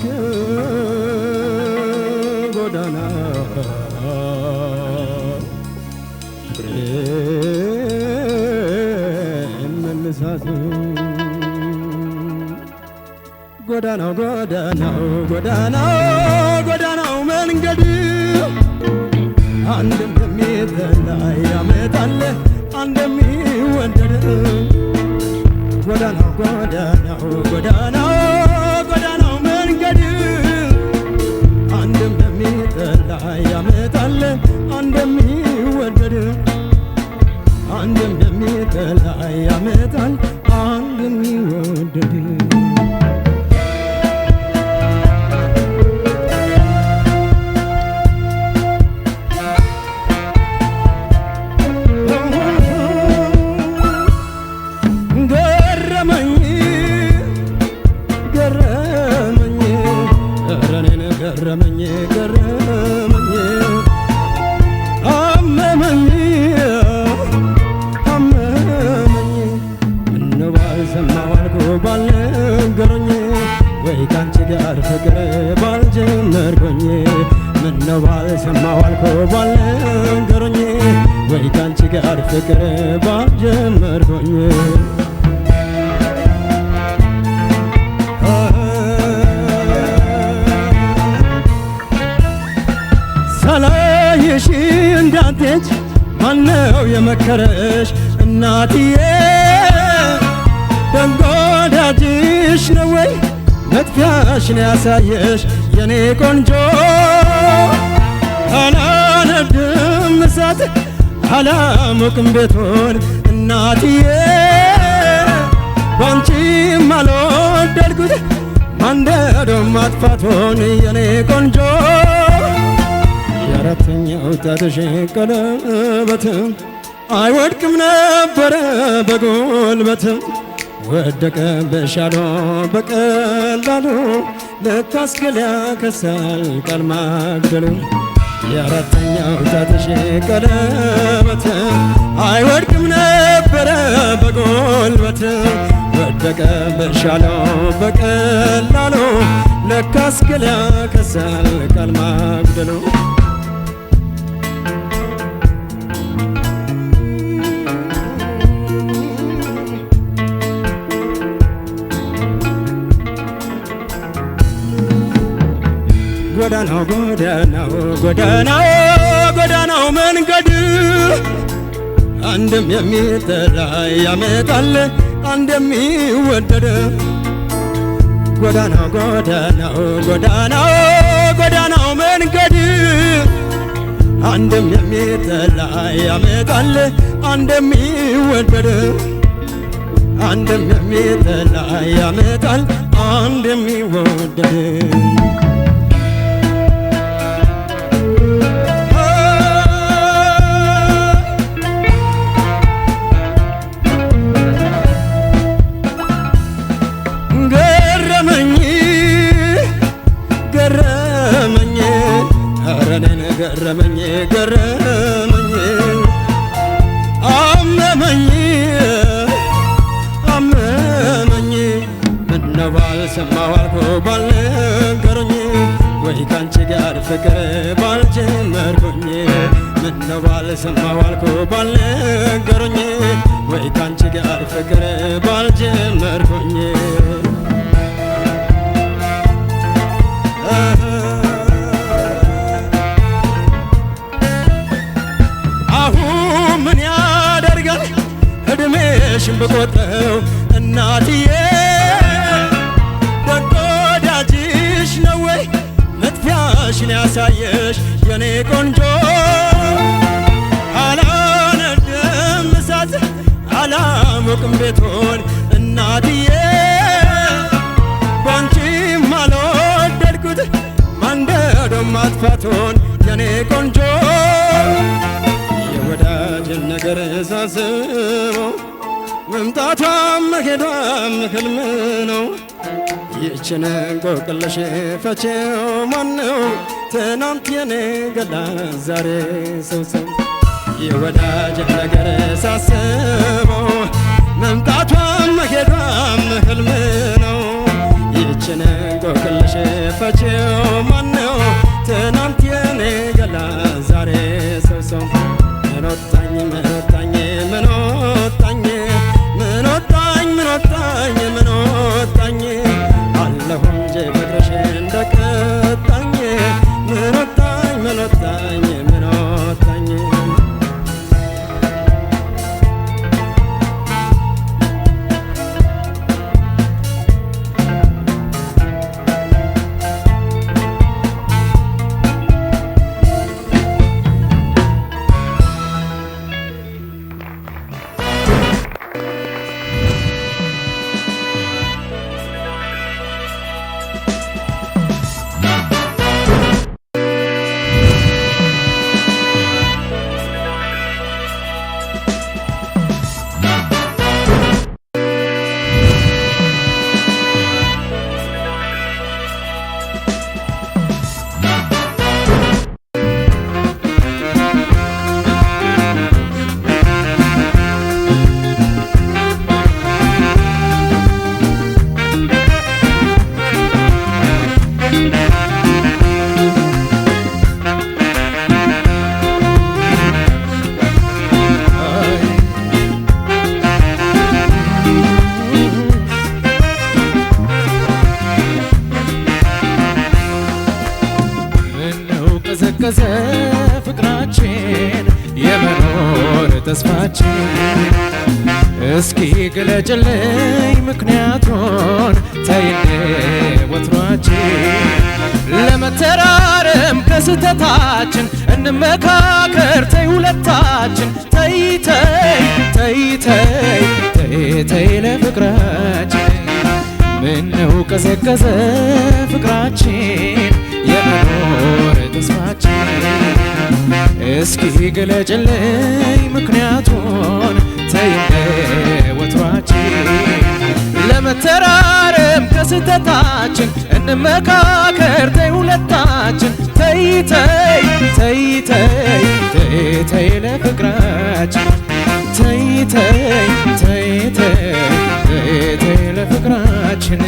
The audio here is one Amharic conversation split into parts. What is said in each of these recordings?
ጎዳና መልሳት ጎዳናው ጎዳናው ጎዳናው ጎዳናው መንገድ አንድም የሚጠላ ያመጣል አንድም የሚወደድ ጎዳናው ጎዳናው ጎዳናው የሚጠላ ያመጣል አንድ የሚወደድ አንድ የሚጠላ ያመጣል አንድ የሚወደድ መውደድሽ ነው ወይ መጥፊያሽ ነው ያሳየሽ የኔ ቆንጆ አላነድም እሳት አላሞቅም ቤቶን እናትዬ ባንቺ ማልወደድኩት ማንደዶ ማጥፋቶን የኔ ቆንጆ የአራተኛው ጣትሽ ቀለበትም አይወድቅም ነበረ በጉልበትም ወደቀ በሻሎ በቀላሉ ልታስገል ያከሳል ቃል ማግደሉ የአራተኛው ጣትሽ ቀለበት አይወድቅም ነበረ በጎልበት ወደቀ በሻሎ በቀላሉ ልታስገል ያከሳል ቃል ማግደሉ ጎዳናው ጎዳናው ጎዳናው መንገድ አንድም የሚጠላ ያመጣል አንድ የሚወደድ ጎዳናው ጎዳናው ጎዳናው ጎዳናው መንገድ አንድም የሚጠላ ያመጣል አንድ የሚወደድ አንድም የሚጠላ ያመጣል አንድ የሚወደድ ramen እድሜሽን ብቆጥረው እናትዬ ደግ ወዳጅሽ ነው ወይ መጥፊያሽን ያሳየሽ የኔ ቆንጆ አላነድም እሳት አላሞቅም ቤቶን እናትዬ ባንቺ አልወደድኩት ማንደዶ ማጥፋቶን የኔ ቆንጆ የወዳጅን ነገር ሳስበው መምጣቷም መሄዷም ህልም ነው። ይህችን እንቆቅልሽ ፈቼው ማነው? ትናንት የኔ ገላ ዛሬ ሰው ሰው የወዳጅን ነገር ሳስበው መምጣቷም መሄዷም ህልም ነው። ይህችን እንቆቅልሽ ፈቼው ማነው? ትናንት እስኪ ግለጭልኝ ምክንያቱን ተይኔ ወትሯችን ለመተራረም ከስተታችን እንመካከር ተይ ሁለታችን ተይ ተይ ተይ ተይ ለፍቅራችን ምነው ቀዘቀዘ ፍቅራችን የመኖር ተስፋችን እስኪ ግለጭልኝ ምክንያቱን ተይ ወትሯችን ለመተራረም ከስተታችን እንመካከር ተይ ሁለታችን ተይ ተይ ተይ ተይ ተይ ተይ ለፍቅራችን ተይ ተይ ተይ ተይ ተይ ለፍቅራችን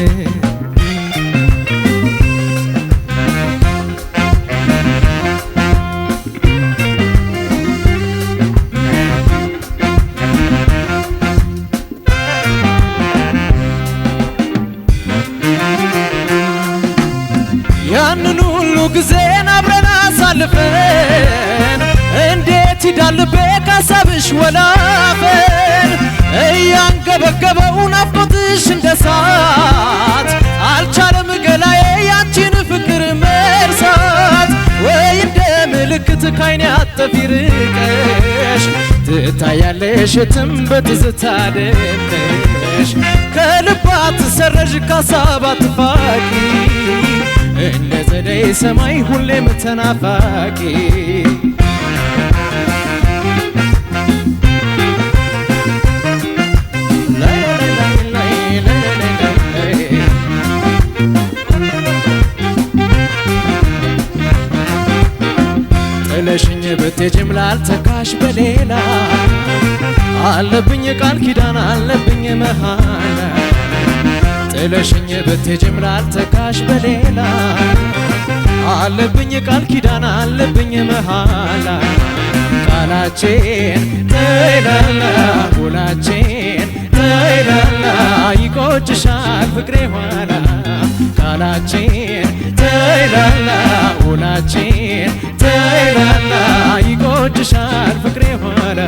መሳት አልቻለም ገላዬ ያንቺን ፍቅር መርሳት ወይ እንደ ምልክት ካይኔ አጠፊ ርቀሽ ትታያለሽ የትም በትዝታ ደምቀሽ ከልባት ሰረዥ ካሳባት ፋቂ እንደ ዘደይ ሰማይ ሁሌም ተናፋቂ ጥለሽኝ ብትሄጂም ላልተካሽ በሌላ አለብኝ ቃል ኪዳን አለብኝ መሃላ ጥለሽኝ ብትሄጂም ላልተካሽ በሌላ አለብኝ ቃል ኪዳን አለብኝ መሃላ ቃላችን ተይላላ ውላችን ተይላላ ይቆጭሻል ፍቅሬ ኋላ ቃላችን ተይላላ ውላችን ተይላላ ይቆጭሻል ፍቅሬ ኋላ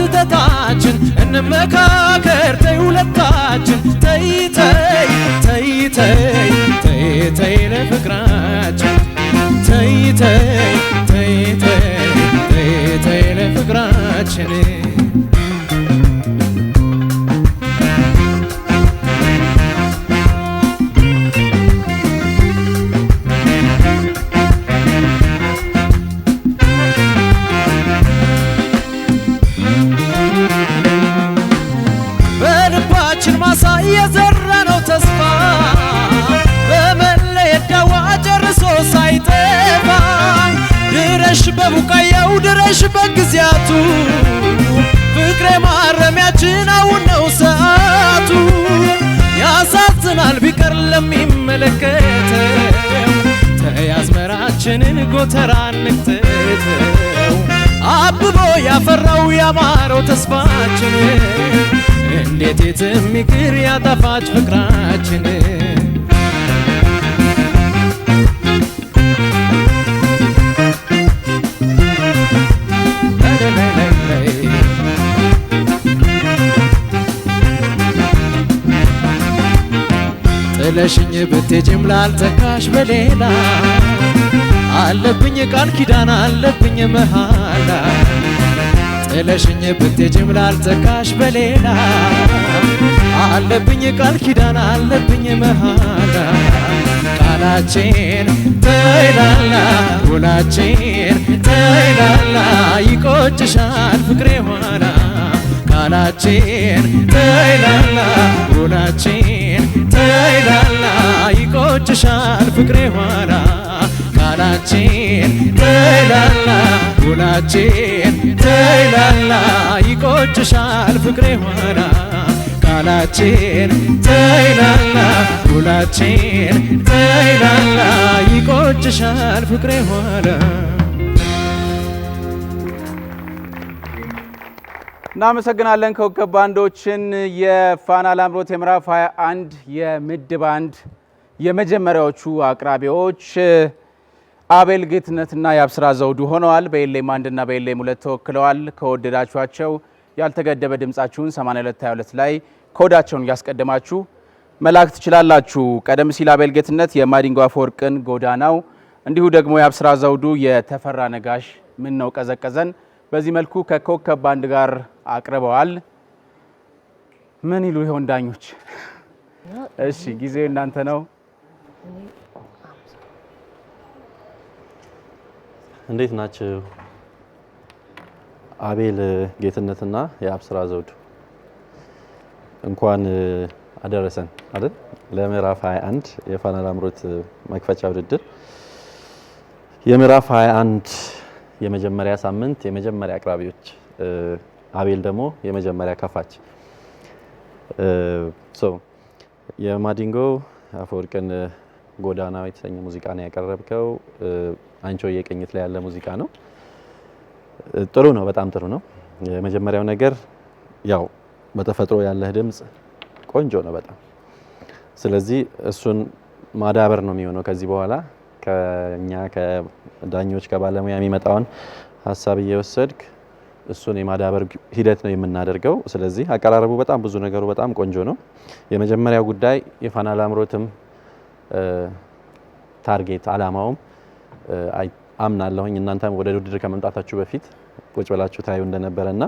ከስተታችን እንመካከር ተይ ሁለታችን ተይ ተይ ተይ ተይ ተይ ተይ ለፍቅራችን ተይ ተይ ተይ ተይ ተይ ለፍቅራችን ጊዜያቱ ፍቅሬ ማረሚያችን አሁን ነው ሰዓቱ። ያሳዝናል ቢቀር ለሚመለከተው ተይ አዝመራችንን ጎተራ እንክተተው። አብቦ ያፈራው ያማረው ተስፋችን እንዴት የትም ይቅር ያጠፋች ፍቅራችን ጥለሽኝ ብትሄጂም ላልተካሽ በሌላ አለብኝ ቃል ኪዳን አለብኝ መሃላ ጥለሽኝ ብትሄጂም ላልተካሽ በሌላ አለብኝ ቃል ኪዳን አለብኝ መሃላ ቃላችን ተይላላ ውላችን ተይላላ ይቆጭሻል ፍቅሬ ሆና ቃላችን ተይላላ ውላችን ተይላላ ይቆጭሻል ፍቅሬ ኋላ ቃላችን ተይላላ ውላችን ተይላላ ይቆጭሻል ፍቅሬ ኋላ ቃላችን ተይላላ ውላችን ተይላላ ይቆጭሻል ፍቅሬ ኋላ እናመሰግናለን ኮከብ ባንዶችን። የፋና ላምሮት የምዕራፍ 21 የምድብ አንድ የመጀመሪያዎቹ አቅራቢዎች አቤል ጌትነትና የአብስራ ዘውዱ ሆነዋል። በኤሌም አንድና በኤሌም ሁለት ተወክለዋል። ከወደዳችኋቸው ያልተገደበ ድምጻችሁን 8222 ላይ ኮዳቸውን እያስቀደማችሁ መላክ ትችላላችሁ። ቀደም ሲል አቤል ጌትነት የማዲንጎ አፈወርቅን ጎዳናው፣ እንዲሁ ደግሞ የአብስራ ዘውዱ የተፈራ ነጋሽ ምን ነው ቀዘቀዘን በዚህ መልኩ ከኮከብ ባንድ ጋር አቅርበዋል። ምን ይሉ ይሆን ዳኞች? እሺ ጊዜው እናንተ ነው። እንዴት ናችሁ? አቤል ጌትነትና የአብስራ ዘውድ እንኳን አደረሰን አይደል ለምዕራፍ 21 የፋና ላምሮት መክፈቻ ውድድር የምዕራፍ 21 የመጀመሪያ ሳምንት የመጀመሪያ አቅራቢዎች፣ አቤል ደግሞ የመጀመሪያ ከፋች። የማዲንጎ አፈወርቅን ጎዳና የተሰኘ ሙዚቃ ነው ያቀረብከው። አንቾ የቅኝት ላይ ያለ ሙዚቃ ነው። ጥሩ ነው፣ በጣም ጥሩ ነው። የመጀመሪያው ነገር ያው በተፈጥሮ ያለህ ድምፅ ቆንጆ ነው በጣም ስለዚህ እሱን ማዳበር ነው የሚሆነው ከዚህ በኋላ ከኛ ዳኞች ከባለሙያ የሚመጣውን ሀሳብ እየወሰድክ እሱን የማዳበር ሂደት ነው የምናደርገው። ስለዚህ አቀራረቡ በጣም ብዙ ነገሩ በጣም ቆንጆ ነው። የመጀመሪያው ጉዳይ የፋና ላምሮትም ታርጌት አላማውም አምናለሁኝ እናንተም ወደ ውድድር ከመምጣታችሁ በፊት ቁጭ ብላችሁ ታዩ እንደነበረና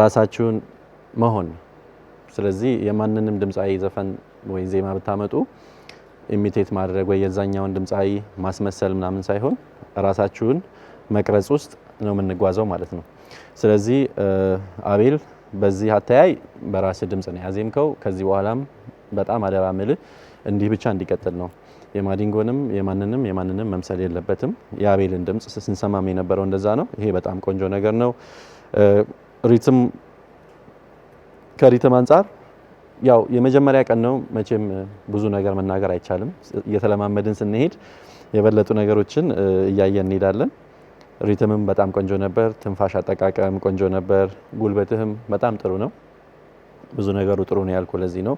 ራሳችሁን መሆን ስለዚህ የማንንም ድምፃዊ ዘፈን ወይ ዜማ ብታመጡ ኢሚቴት ማድረግ ወይ የዛኛውን ድምፃዊ ማስመሰል ምናምን ሳይሆን ራሳችሁን መቅረጽ ውስጥ ነው የምንጓዘው ማለት ነው። ስለዚህ አቤል በዚህ አተያይ በራስ ድምፅ ነው ያዜምከው። ከዚህ በኋላም በጣም አደራ ምል እንዲህ ብቻ እንዲቀጥል ነው። የማዲንጎንም የማንንም የማንንም መምሰል የለበትም። የአቤልን ድምፅ ስንሰማም የነበረው እንደዛ ነው። ይሄ በጣም ቆንጆ ነገር ነው። ሪትም ከሪትም አንጻር ያው የመጀመሪያ ቀን ነው መቼም ብዙ ነገር መናገር አይቻልም። እየተለማመድን ስንሄድ የበለጡ ነገሮችን እያየን እንሄዳለን። ሪትምም በጣም ቆንጆ ነበር፣ ትንፋሽ አጠቃቀም ቆንጆ ነበር፣ ጉልበትህም በጣም ጥሩ ነው። ብዙ ነገሩ ጥሩ ነው ያልኩ ለዚህ ነው።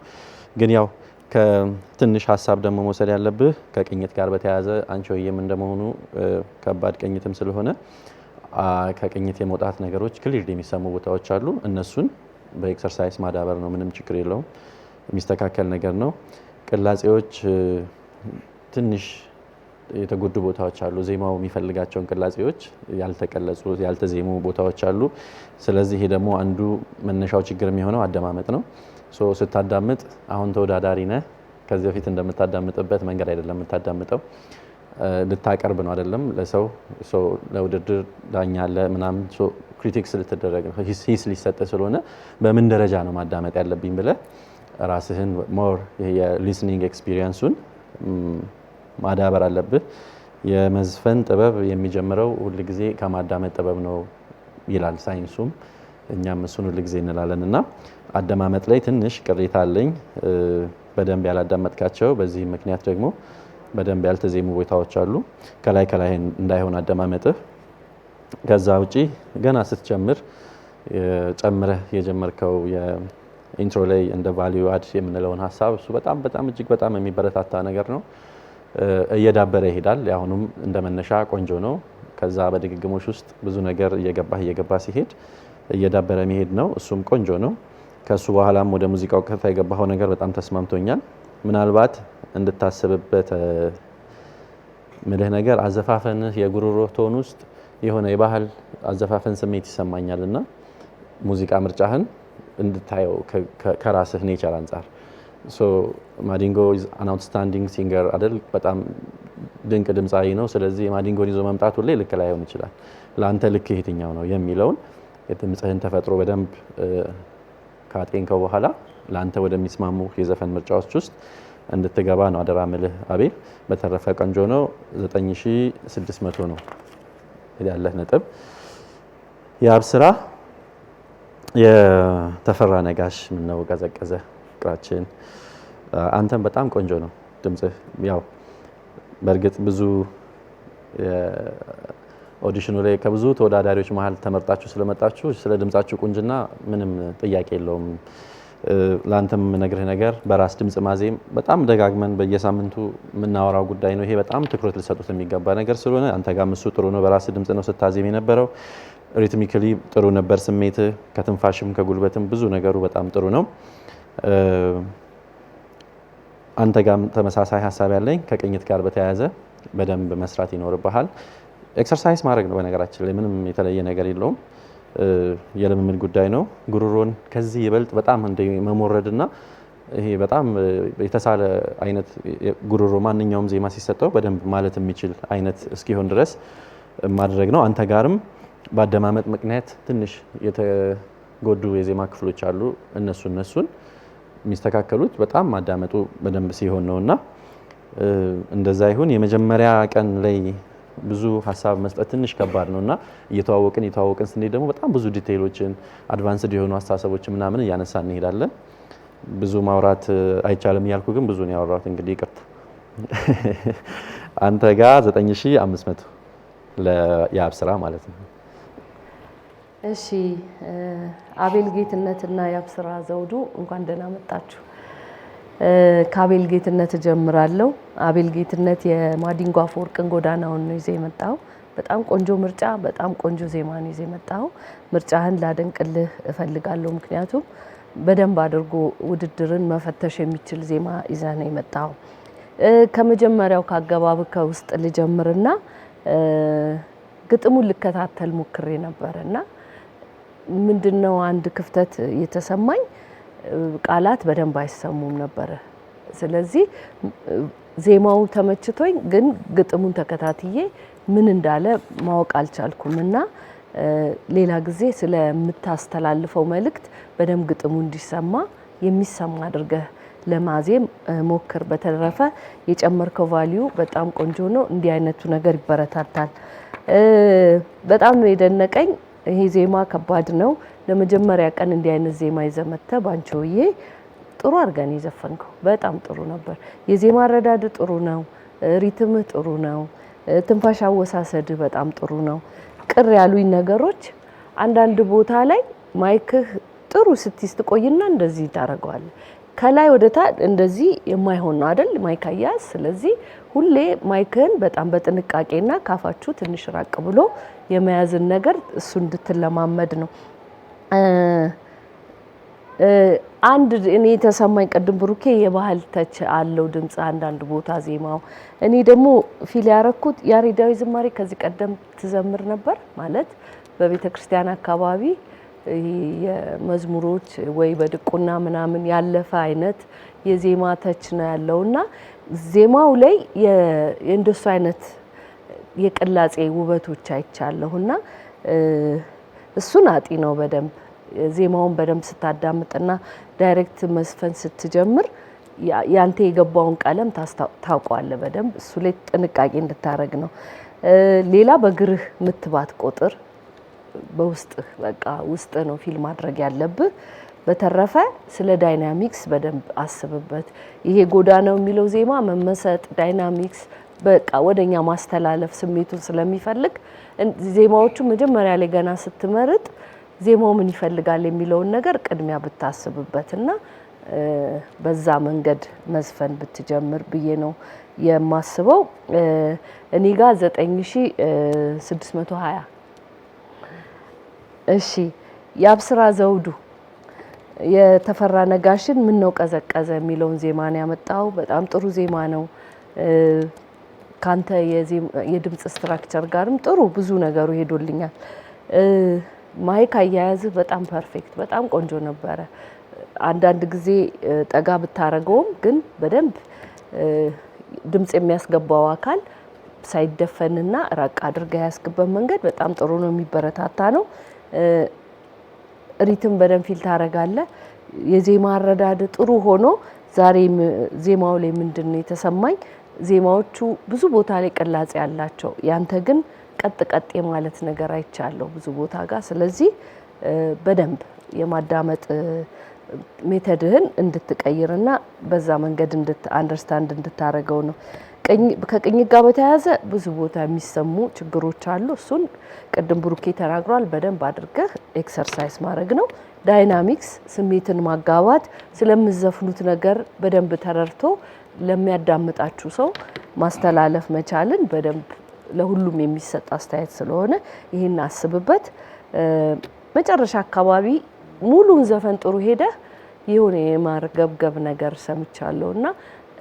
ግን ያው ከትንሽ ሀሳብ ደግሞ መውሰድ ያለብህ ከቅኝት ጋር በተያያዘ ወይም እንደመሆኑ ከባድ ቅኝትም ስለሆነ ከቅኝት የመውጣት ነገሮች ክሊር የሚሰሙ ቦታዎች አሉ እነሱን በኤክሰርሳይስ ማዳበር ነው። ምንም ችግር የለውም። የሚስተካከል ነገር ነው። ቅላጼዎች ትንሽ የተጎዱ ቦታዎች አሉ። ዜማው የሚፈልጋቸውን ቅላጼዎች ያልተቀለጹ ያልተዜሙ ቦታዎች አሉ። ስለዚህ ይሄ ደግሞ አንዱ መነሻው ችግር የሚሆነው አደማመጥ ነው። ስታዳምጥ አሁን ተወዳዳሪ ነህ። ከዚህ በፊት እንደምታዳምጥበት መንገድ አይደለም የምታዳምጠው፣ ልታቀርብ ነው አይደለም ለሰው ለውድድር ዳኛ አለ ምናምን ክሪቲክ ልትደረግ ነው፣ ሂስ ሊሰጥ ስለሆነ በምን ደረጃ ነው ማዳመጥ ያለብኝ ብለ ራስህን ሞር የሊስኒንግ ኤክስፒሪየንሱን ማዳበር አለብህ። የመዝፈን ጥበብ የሚጀምረው ሁልጊዜ ከማዳመጥ ጥበብ ነው ይላል ሳይንሱም፣ እኛም እሱን ሁልጊዜ እንላለን እና አደማመጥ ላይ ትንሽ ቅሬታ አለኝ። በደንብ ያላዳመጥካቸው፣ በዚህ ምክንያት ደግሞ በደንብ ያልተዜሙ ቦታዎች አሉ። ከላይ ከላይ እንዳይሆን አደማመጥህ ከዛ ውጪ ገና ስትጀምር ጨምረህ የጀመርከው ኢንትሮ ላይ እንደ ቫሊዩ አድ የምንለውን ሀሳብ እሱ በጣም በጣም እጅግ በጣም የሚበረታታ ነገር ነው። እየዳበረ ይሄዳል። አሁኑም እንደ መነሻ ቆንጆ ነው። ከዛ በድግግሞች ውስጥ ብዙ ነገር እየገባህ እየገባ ሲሄድ እየዳበረ መሄድ ነው። እሱም ቆንጆ ነው። ከእሱ በኋላም ወደ ሙዚቃው ቀጥታ የገባኸው ነገር በጣም ተስማምቶኛል። ምናልባት እንድታስብበት ምልህ ነገር አዘፋፈንህ የጉሮሮ ቶን ውስጥ የሆነ የባህል አዘፋፈን ስሜት ይሰማኛል እና ሙዚቃ ምርጫህን እንድታየው ከራስህ ኔቸር አንጻር ማዲንጎ አን አውትስታንዲንግ ሲንገር አይደል? በጣም ድንቅ ድምፃዊ ነው። ስለዚህ ማዲንጎን ይዞ መምጣቱ ሁሌ ልክ ላይሆን ይችላል። ለአንተ ልክ የትኛው ነው የሚለውን የድምፅህን ተፈጥሮ በደንብ ካጤንከው በኋላ ለአንተ ወደሚስማሙ የዘፈን ምርጫዎች ውስጥ እንድትገባ ነው አደራ ምልህ አቤል። በተረፈ ቀንጆ ነው። 9600 ነው። ያለህ ነጥብ የአብ ስራ የተፈራ ነጋሽ ምነው ቀዘቀዘ ፍቅራችን አንተም በጣም ቆንጆ ነው ድምጽህ። ያው በእርግጥ ብዙ ኦዲሽኑ ላይ ከብዙ ተወዳዳሪዎች መሀል ተመርጣችሁ ስለመጣችሁ ስለ ድምጻችሁ ቁንጅና ምንም ጥያቄ የለውም። ለአንተም የምነግርህ ነገር በራስ ድምፅ ማዜም በጣም ደጋግመን በየሳምንቱ የምናወራው ጉዳይ ነው። ይሄ በጣም ትኩረት ሊሰጡት የሚገባ ነገር ስለሆነ አንተ ጋር እሱ ጥሩ ነው። በራስ ድምፅ ነው ስታዜም የነበረው። ሪትሚክሊ ጥሩ ነበር ስሜትህ። ከትንፋሽም ከጉልበትም ብዙ ነገሩ በጣም ጥሩ ነው። አንተ ጋር ተመሳሳይ ሀሳብ ያለኝ ከቅኝት ጋር በተያያዘ በደንብ መስራት ይኖርብሃል። ኤክሰርሳይዝ ማድረግ ነው። በነገራችን ላይ ምንም የተለየ ነገር የለውም። የልምምድ ጉዳይ ነው። ጉሮሮን ከዚህ ይበልጥ በጣም እንደ መሞረድና ይሄ በጣም የተሳለ አይነት ጉሮሮ ማንኛውም ዜማ ሲሰጠው በደንብ ማለት የሚችል አይነት እስኪሆን ድረስ ማድረግ ነው። አንተ ጋርም በአደማመጥ ምክንያት ትንሽ የተጎዱ የዜማ ክፍሎች አሉ። እነሱ እነሱን የሚስተካከሉት በጣም ማዳመጡ በደንብ ሲሆን ነው እና እንደዛ ይሁን የመጀመሪያ ቀን ላይ ብዙ ሀሳብ መስጠት ትንሽ ከባድ ነው እና እየተዋወቅን እየተዋወቅን ስንሄድ ደግሞ በጣም ብዙ ዲቴይሎችን አድቫንስድ የሆኑ ሀሳቦችን ምናምን እያነሳ እንሄዳለን። ብዙ ማውራት አይቻልም እያልኩ ግን ብዙ ነው ያወራሁት። እንግዲህ ይቅርታ። አንተ ጋ 9500 ለየአብ ስራ ማለት ነው። እሺ አቤል ጌትነትና የአብ ስራ ዘውዱ እንኳን ደህና መጣችሁ። ከአቤል ጌትነት እጀምራለሁ። አቤል ጌትነት የማዲንጎ አፈወርቅን ጎዳናውን ነው ይዤ የመጣው። በጣም ቆንጆ ምርጫ፣ በጣም ቆንጆ ዜማ ነው ይዤ የመጣው። ምርጫህን ላደንቅልህ እፈልጋለሁ። ምክንያቱም በደንብ አድርጎ ውድድርን መፈተሽ የሚችል ዜማ ይዘህ ነው የመጣው። ከመጀመሪያው ከአገባብ ከውስጥ ልጀምርና ግጥሙን ልከታተል ሞክሬ ነበርና ምንድነው አንድ ክፍተት የተሰማኝ ቃላት በደንብ አይሰሙም ነበረ። ስለዚህ ዜማው ተመችቶኝ፣ ግን ግጥሙን ተከታትዬ ምን እንዳለ ማወቅ አልቻልኩም እና ሌላ ጊዜ ስለምታስተላልፈው መልእክት በደንብ ግጥሙ እንዲሰማ የሚሰማ አድርገህ ለማዜም ሞክር። በተረፈ የጨመርከው ቫሊዩ በጣም ቆንጆ ነው። እንዲህ አይነቱ ነገር ይበረታታል። በጣም ነው የደነቀኝ። ይሄ ዜማ ከባድ ነው። ለመጀመሪያ ቀን እንዲህ አይነት ዜማ ይዘመተ ባንቺሆዬ ጥሩ አድርገን የዘፈንከው በጣም ጥሩ ነበር። የዜማ አረዳድ ጥሩ ነው። ሪትምህ ጥሩ ነው። ትንፋሽ አወሳሰድህ በጣም ጥሩ ነው። ቅር ያሉኝ ነገሮች አንዳንድ ቦታ ላይ ማይክህ ጥሩ ስትይዝ ትቆይና እንደዚህ ታደርገዋለህ ከላይ ወደ ታች እንደዚህ የማይሆን ነው አይደል? ማይክ አያያዝ። ስለዚህ ሁሌ ማይክን በጣም በጥንቃቄና ካፋችሁ ትንሽ ራቅ ብሎ የመያዝን ነገር እሱ እንድትለማመድ ነው። አንድ እኔ የተሰማኝ ቅድም ብሩኬ የባህል ተች አለው ድምፅ አንዳንድ ቦታ ዜማው። እኔ ደግሞ ፊል ያረኩት ያሬዳዊ ዝማሬ ከዚህ ቀደም ትዘምር ነበር ማለት በቤተ ክርስቲያን አካባቢ የመዝሙሮች ወይ በድቁና ምናምን ያለፈ አይነት የዜማ ተች ነው ያለው እና ዜማው ላይ የእንደሱ አይነት የቅላጼ ውበቶች አይቻለሁ እና እሱን አጢ ነው በደንብ ዜማውን በደንብ ስታዳምጥና ዳይሬክት መዝፈን ስትጀምር ያንተ የገባውን ቀለም ታውቋለ በደንብ እሱ ላይ ጥንቃቄ እንድታደረግ ነው። ሌላ በግርህ ምትባት ቁጥር በውስጥህ በቃ ውስጥ ነው ፊል ማድረግ ያለብህ። በተረፈ ስለ ዳይናሚክስ በደንብ አስብበት። ይሄ ጎዳናው የሚለው ዜማ መመሰጥ፣ ዳይናሚክስ በቃ ወደኛ ማስተላለፍ ስሜቱን ስለሚፈልግ ዜማዎቹ መጀመሪያ ላይ ገና ስትመርጥ ዜማው ምን ይፈልጋል የሚለውን ነገር ቅድሚያ ብታስብበትና በዛ መንገድ መዝፈን ብትጀምር ብዬ ነው የማስበው። እኔ ጋር 9620 እሺ የአብስራ ዘውዱ የተፈራ ነጋሽን ምን ነው ቀዘቀዘ የሚለውን ዜማ ነው ያመጣው። በጣም ጥሩ ዜማ ነው። ካንተ የድምፅ ስትራክቸር ጋርም ጥሩ ብዙ ነገሩ ሄዶልኛል። ማይክ አያያዝህ በጣም ፐርፌክት፣ በጣም ቆንጆ ነበረ። አንዳንድ ጊዜ ጠጋ ብታረገውም ግን በደንብ ድምፅ የሚያስገባው አካል ሳይደፈንና ራቅ አድርገ ያስግበት መንገድ በጣም ጥሩ ነው፣ የሚበረታታ ነው። ሪትም በደንብ ፊል ታረጋለ። የዜማ አረዳድ ጥሩ ሆኖ ዛሬ ዜማው ላይ ምንድን ነው የተሰማኝ? ዜማዎቹ ብዙ ቦታ ላይ ቅላጼ ያላቸው ያንተ ግን ቀጥ ቀጥ የማለት ነገር አይቻለሁ ብዙ ቦታ ጋር። ስለዚህ በደንብ የማዳመጥ ሜተድህን እንድትቀይርና በዛ መንገድ አንደርስታንድ እንድታደርገው ነው። ከቅኝት ጋር በተያያዘ ብዙ ቦታ የሚሰሙ ችግሮች አሉ። እሱን ቅድም ብሩኬ ተናግሯል። በደንብ አድርገህ ኤክሰርሳይዝ ማድረግ ነው። ዳይናሚክስ፣ ስሜትን ማጋባት፣ ስለምዘፍኑት ነገር በደንብ ተረድቶ ለሚያዳምጣችሁ ሰው ማስተላለፍ መቻልን በደንብ ለሁሉም የሚሰጥ አስተያየት ስለሆነ ይህን አስብበት። መጨረሻ አካባቢ ሙሉን ዘፈን ጥሩ ሄደህ የሆነ የማርገብገብ ነገር ሰምቻለሁ እና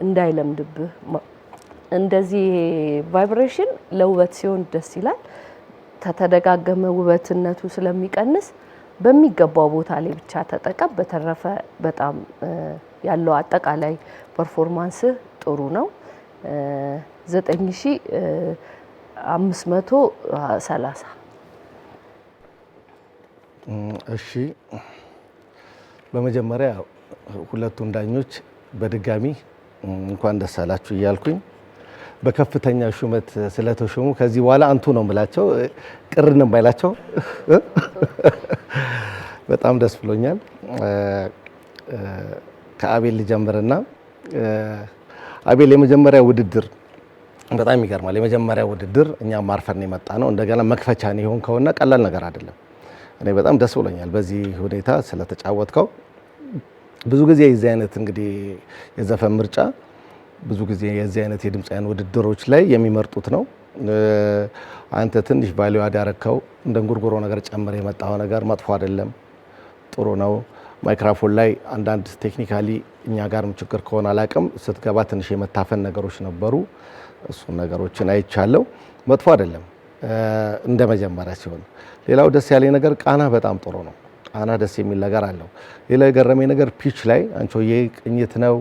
እንዳይለምድብህ እንደዚህ ቫይብሬሽን ለውበት ሲሆን ደስ ይላል። ከተደጋገመ ውበትነቱ ስለሚቀንስ በሚገባው ቦታ ላይ ብቻ ተጠቀም። በተረፈ በጣም ያለው አጠቃላይ ፐርፎርማንስህ ጥሩ ነው። 9530 እሺ። በመጀመሪያ ሁለቱን ዳኞች በድጋሚ እንኳን ደስ አላችሁ እያልኩኝ በከፍተኛ ሹመት ስለተሾሙ ከዚህ በኋላ አንቱ ነው የምላቸው። ቅር ነው ባይላቸው በጣም ደስ ብሎኛል። ከአቤል ልጀምርና አቤል የመጀመሪያ ውድድር በጣም ይገርማል። የመጀመሪያ ውድድር እኛም ማርፈን የመጣ ነው። እንደገና መክፈቻ የሆን ከሆነ ቀላል ነገር አይደለም። እኔ በጣም ደስ ብሎኛል በዚህ ሁኔታ ስለተጫወትከው። ብዙ ጊዜ የዚህ አይነት እንግዲህ የዘፈን ምርጫ ብዙ ጊዜ የዚህ አይነት የድምፃውያን ውድድሮች ላይ የሚመርጡት ነው። አንተ ትንሽ ቫሊዩ ያዳረከው እንደ እንጉርጉሮ ነገር ጨምር የመጣው ነገር መጥፎ አይደለም፣ ጥሩ ነው። ማይክራፎን ላይ አንዳንድ ቴክኒካሊ እኛ ጋርም ችግር ከሆነ አላቅም፣ ስትገባ ትንሽ የመታፈን ነገሮች ነበሩ። እሱን ነገሮችን አይቻለው። መጥፎ አይደለም እንደ መጀመሪያ ሲሆን፣ ሌላው ደስ ያለኝ ነገር ቃና በጣም ጥሩ ነው። ቃና ደስ የሚል ነገር አለው። ሌላው የገረመኝ ነገር ፒች ላይ አንቺ ቅኝት ነው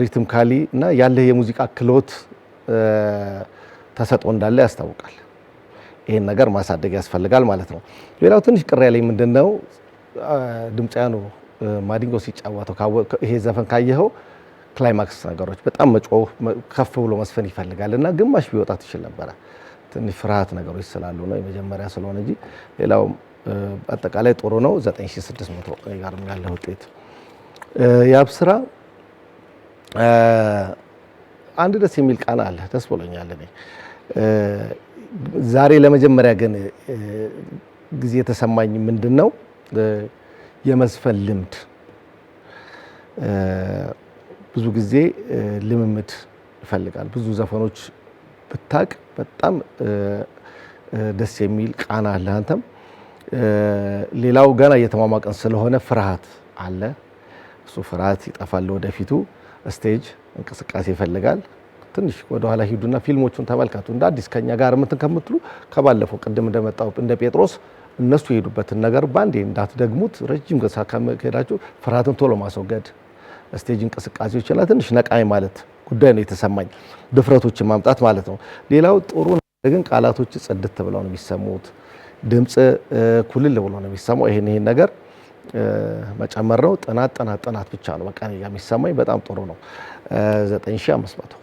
ሪትም ካሊ እና ያለህ የሙዚቃ ክሎት ተሰጥኦ እንዳለ ያስታውቃል። ይህን ነገር ማሳደግ ያስፈልጋል ማለት ነው። ሌላው ትንሽ ቅር ያለኝ ምንድን ነው ድምፃያኑ ማዲንጎ ሲጫወተው ይሄ ዘፈን ካየኸው ክላይማክስ ነገሮች በጣም መጮህ ከፍ ብሎ መስፈን ይፈልጋል እና ግማሽ ቢወጣ ትችል ነበረ። ትንሽ ፍርሃት ነገሮች ስላሉ ነው የመጀመሪያ ስለሆነ እንጂ ሌላው አጠቃላይ ጥሩ ነው። 9600 ጋር ያለ ውጤት የአብስራ አንድ ደስ የሚል ቃል አለ። ደስ ብሎኛል። እኔ ዛሬ ለመጀመሪያ ግን ጊዜ የተሰማኝ ምንድን ነው የመዝፈን ልምድ ብዙ ጊዜ ልምምድ ይፈልጋል። ብዙ ዘፈኖች ብታቅ በጣም ደስ የሚል ቃና አለ። አንተም ሌላው ገና እየተሟሟቀን ስለሆነ ፍርሃት አለ። እሱ ፍርሃት ይጠፋል ወደፊቱ ስቴጅ እንቅስቃሴ ይፈልጋል። ትንሽ ወደ ኋላ ሂዱና ፊልሞቹን ተመልከቱ። እንደ አዲስ ከኛ ጋር ምትን ከምትሉ ከባለፈው ቅድም እንደመጣው እንደ ጴጥሮስ እነሱ የሄዱበትን ነገር በአንዴ እንዳትደግሙት። ረጅም ገሳ ከሄዳችሁ ፍርሃትን ቶሎ ማስወገድ፣ ስቴጅ እንቅስቃሴዎች ላይ ትንሽ ነቃይ ማለት ጉዳይ ነው የተሰማኝ፣ ድፍረቶችን ማምጣት ማለት ነው። ሌላው ጥሩ ግን ቃላቶች ጽድት ብለው ነው የሚሰሙት። ድምፅ ኩልል ብሎ ነው የሚሰማው። ይሄን ይሄን ነገር መጨመር ነው። ጥናት ጥናት ጥናት ብቻ ነው በቃ የሚሰማኝ በጣም ጥሩ ነው። መቶ